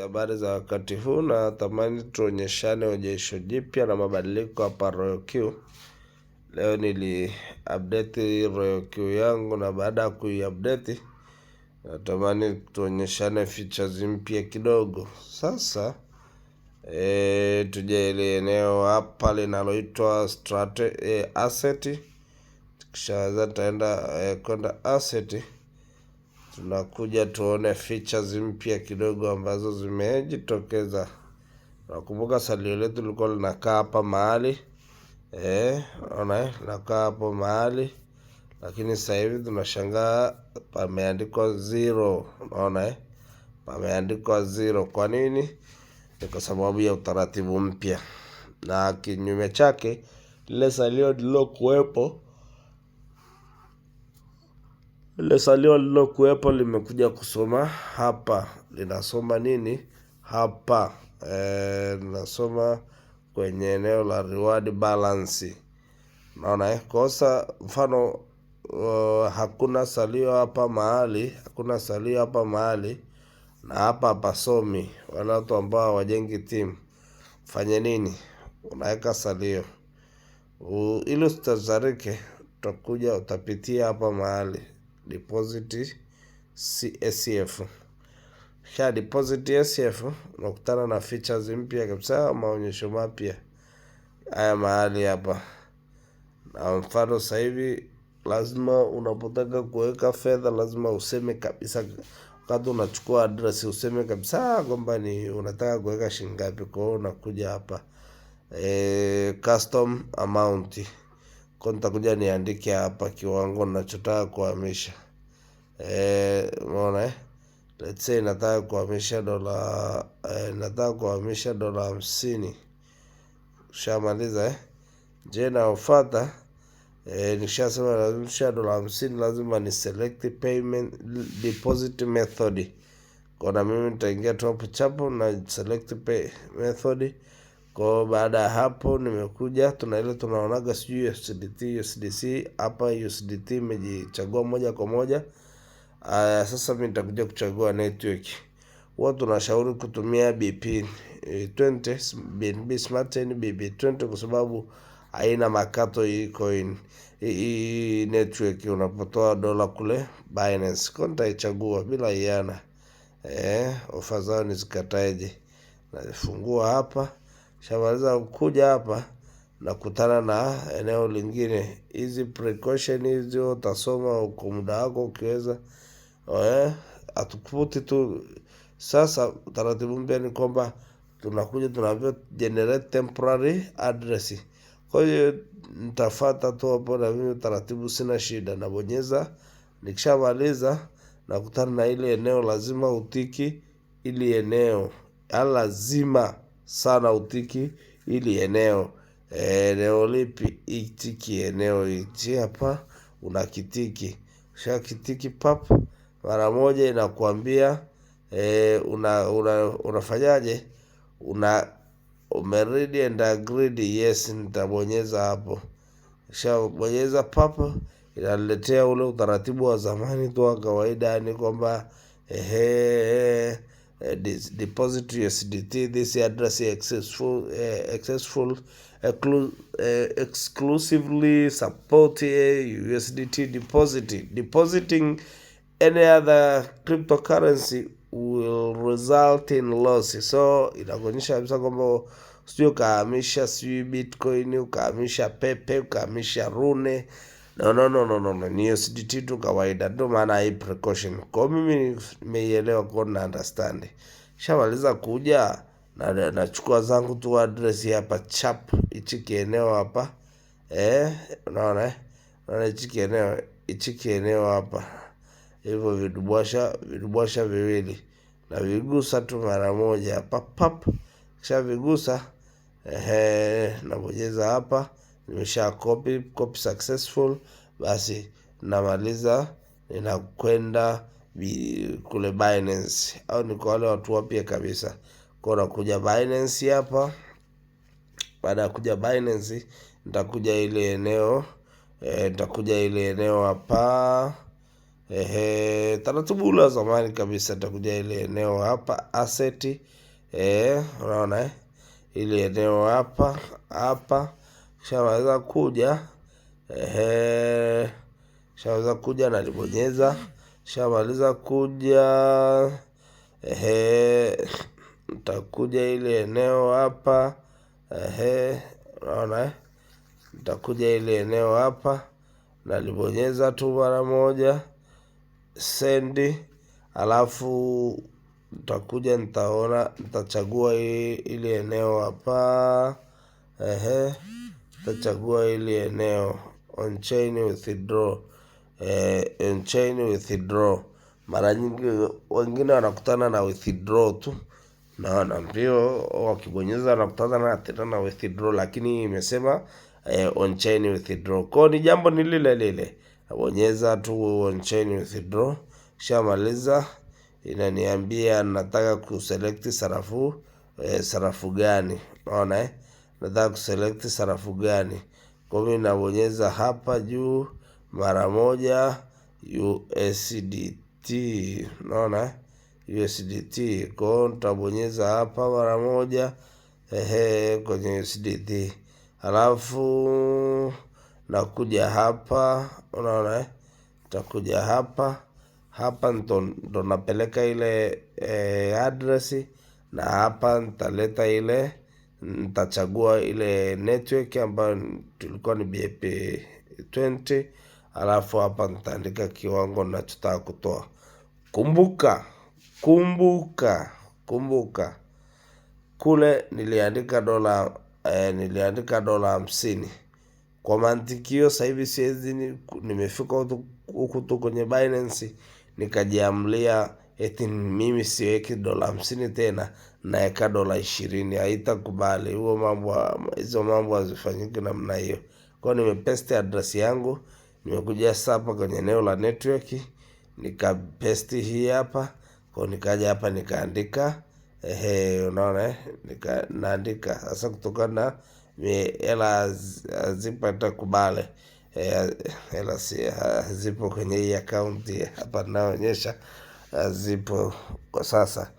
Habari za wakati huu na tamani tuonyeshane onyesho jipya na mabadiliko hapa RoyalQ. Leo nili update RoyalQ yangu, na baada ya kuiupdate, natamani tuonyeshane features mpya kidogo. Sasa e, tuje ile eneo hapa linaloitwa strate, e, eh, asset. Kisha taenda e, eh, kwenda asset tunakuja tuone features mpya kidogo ambazo zimejitokeza. Nakumbuka salio letu liko linakaa hapa mahali eh, ona linakaa hapo mahali, lakini sasa hivi tunashangaa pameandikwa zero. Unaona eh, pameandikwa zero. Kwa nini? Ni kwa sababu ya utaratibu mpya, na kinyume chake lile salio lililokuwepo ile salio lilokuwepo limekuja kusoma hapa, linasoma nini hapa? E, eh, linasoma kwenye eneo la reward balance. Naona eh, kosa mfano uh, hakuna salio hapa mahali, hakuna salio hapa mahali na hapa hapasomi. Wale watu ambao hawajengi timu fanye nini? Unaweka salio ili usitazarike, utakuja utapitia hapa mahali deposit CSF. Kisha deposit CSF unakutana na features mpya kabisa, maonyesho mapya haya mahali hapa. Na mfano sasa hivi lazima unapotaka kuweka fedha lazima useme kabisa, wakati unachukua address useme kabisa ah, kwamba ni unataka kuweka shilingi ngapi. Kwa hiyo unakuja hapa e, custom amount kwa nitakuja niandike hapa kiwango ninachotaka kuhamisha. Eh, unaona eh? Let's say nataka kuhamisha dola eh, nataka kuhamisha dola hamsini. Ushamaliza eh? Je, naofuata eh, nishasema lazima dola hamsini lazima ni select payment deposit method. Kwa na mimi nitaingia tu hapo chapo na select pay method kwa baada ya hapo nimekuja tuna ile tunaonaga sijui USDT USDC, hapa USDT imejichagua moja kwa moja. Aya, sasa mimi nitakuja kuchagua network. Huwa tunashauri kutumia BP 20 BNB Smart Chain BB 20 kwa sababu haina makato hii coin hii network, unapotoa dola kule Binance kwa nitaichagua bila iana. Eh, ofa zao nizikataje? Nafungua hapa. Shamaliza kuja hapa nakutana na eneo lingine. Hizi precaution hizi utasoma kwa muda wako ukiweza, atukuputi tu. Sasa taratibu mpya ni kwamba tunakuja tunavyo generate temporary address. Kwa hiyo nitafata tu hapo, na mimi taratibu, sina shida, nabonyeza. Nikishamaliza nakutana na ile eneo, lazima utiki ili eneo lazima sana utiki ili eneo eneo lipi itiki eneo iti hapa una unakitiki kitiki pap mara moja inakuambia e, una, una, unafanyaje una umeread and agreed yes nitabonyeza hapo shabonyeza pap inaletea ule utaratibu wa zamani tu wa kawaida ni kwamba ehe uh, this This address is uh, eh, accessible exclu uh, exclusively support a USDT depositing. Depositing any other cryptocurrency will result in loss. So inakuonyesha kabisa kwamba sijui ukahamisha sijui bitcoin ukahamisha pepe ukahamisha rune No, no, no, no, no, no. Ni SDT tu kawaida ndio maana hii precaution. Kwa mimi nimeielewa kwa na understand. Shamaliza kuja na nachukua zangu tu address hapa chap ichi kieneo hapa. Eh, unaona eh? Unaona ichi kieneo, ichi kieneo hapa. Hivyo vidubwasha, vidubwasha viwili. Na vigusa tu mara moja pap pap. Kisha vigusa ehe, nabonyeza hapa nimesha copy, copy successful, basi namaliza ninakwenda kule Binance au niko wale watu wapya kabisa kwao, nakuja Binance hapa. Baada ya kuja Binance nitakuja ile eneo e, nitakuja ile eneo hapa ehe, taratibu la zamani kabisa. Nitakuja ile eneo hapa asset, eh, unaona eh, ile eneo hapa hapa Shaweza kuja ehe, shaweza kuja nalibonyeza, shamaliza kuja ehe, ntakuja ile eneo hapa ehe, unaona eh, ntakuja ile eneo hapa nalibonyeza tu mara moja send, alafu nitakuja nitaona, nitachagua ile eneo hapa ehe. Tutachagua ili eneo on-chain withdraw, eh, on-chain withdraw. Mara nyingi wengine wanakutana na withdraw tu na wanaambiwa wakibonyeza wanakutana na tena na withdraw, lakini imesema eh, on-chain withdraw. Kwa ni jambo ni lile lile, bonyeza tu on-chain withdraw, shamaliza inaniambia nataka kuselect sarafu eh, sarafu gani, unaona eh? nataka kuselect sarafu gani. Kwa hiyo nabonyeza hapa juu mara moja USDT, unaona USDT. Kwa hiyo nitabonyeza hapa mara moja ehe, kwenye USDT, alafu nakuja hapa, unaona eh? nitakuja hapa hapa ndo napeleka ile e, address na hapa nitaleta ile nitachagua ile network ambayo tulikuwa ni BP 20 alafu hapa nitaandika kiwango ninachotaka kutoa. Kumbuka, kumbuka, kumbuka kule niliandika dola eh, niliandika dola hamsini. Kwa mantiki hiyo, sasa hivi siwezi, nimefika huku tu kwenye Binance nikajiamlia eti mimi siweki dola hamsini tena naweka dola ishirini, haitakubali huo mambo, hizo mambo hazifanyiki namna hiyo. Kwao nimepesti address yangu, nimekuja sasa hapa kwenye eneo la network nikapesti hii hapa kwa, nikaja hapa nikaandika ehe, unaona nika naandika sasa, kutokana na hela hazipata kubali e, hela e, si hazipo kwenye hii akaunti hapa naonyesha hazipo kwa sasa.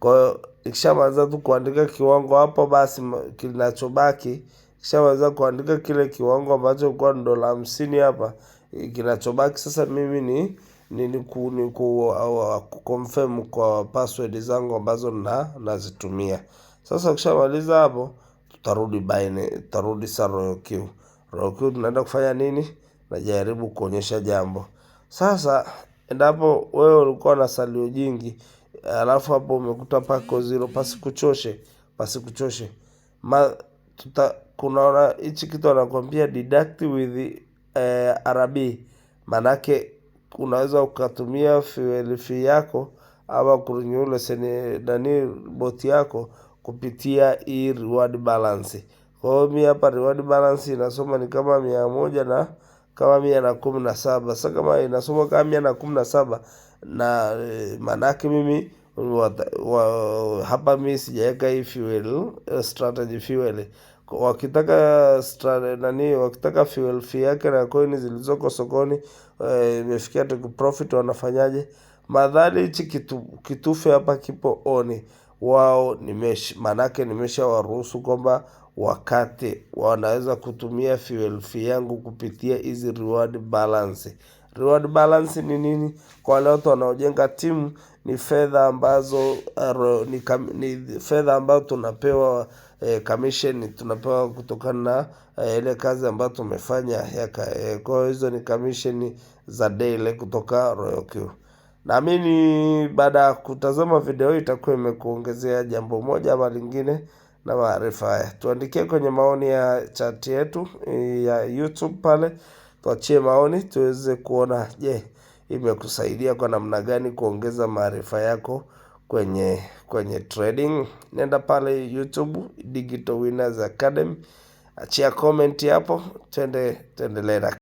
Kwa hiyo ikishamaliza tu kuandika kiwango hapo, basi kinachobaki ikishamaliza kuandika kile kiwango ambacho kwa dola hamsini hapa, eh, kinachobaki sasa mimi ni nini ku, ni ku, confirm kwa password zangu ambazo na nazitumia. Sasa ukishamaliza hapo, tutarudi baine, tutarudi sa RoyalQ. RoyalQ tunaenda kufanya nini? Najaribu kuonyesha jambo. Sasa endapo wewe ulikuwa na salio jingi alafu hapo umekuta pako zero pasikuchoshe, pasikuchoshe. Ma, tuta, kunaona hichi kitu anakwambia deduct with eh, RB maanake unaweza ukatumia fuel fee yako ama kurenew leseni nani boti yako kupitia hii reward balance. Kwa hiyo mi hapa reward balance inasoma ni kama mia moja na kama mia na kumi na saba. sa kama inasoma kama mia na kumi na saba na eh, maanake mimi wa, hapa mi sijaweka hii fuel eh, strategy fuel wakitaka nani wakitaka fuel fee yake na koini zilizoko sokoni eh, imefikia e, profit wanafanyaje? Madhali hichi kitu, kitufe hapa kipo oni wao nimesh, maanake nimesha waruhusu kwamba wakati wanaweza kutumia fuel fee yangu kupitia hizi reward balance Reward balance ni nini? Kwa wale watu wanaojenga timu ni fedha ambazo aro, uh, ni, kam, ni fedha ambazo tunapewa e, commission tunapewa kutokana na e, ile kazi ambayo tumefanya yaka, e, eh, kwa hizo ni commission za daily kutoka Royal RoyalQ. Naamini baada ya kutazama video hii itakuwa imekuongezea jambo moja ama lingine na maarifa haya. Tuandikie kwenye maoni ya chat yetu ya YouTube pale tuachie maoni tuweze kuona, je, imekusaidia kwa namna gani kuongeza maarifa yako kwenye kwenye trading. Nenda pale YouTube Digital Winners Academy, achia comment hapo, twende tuendelee.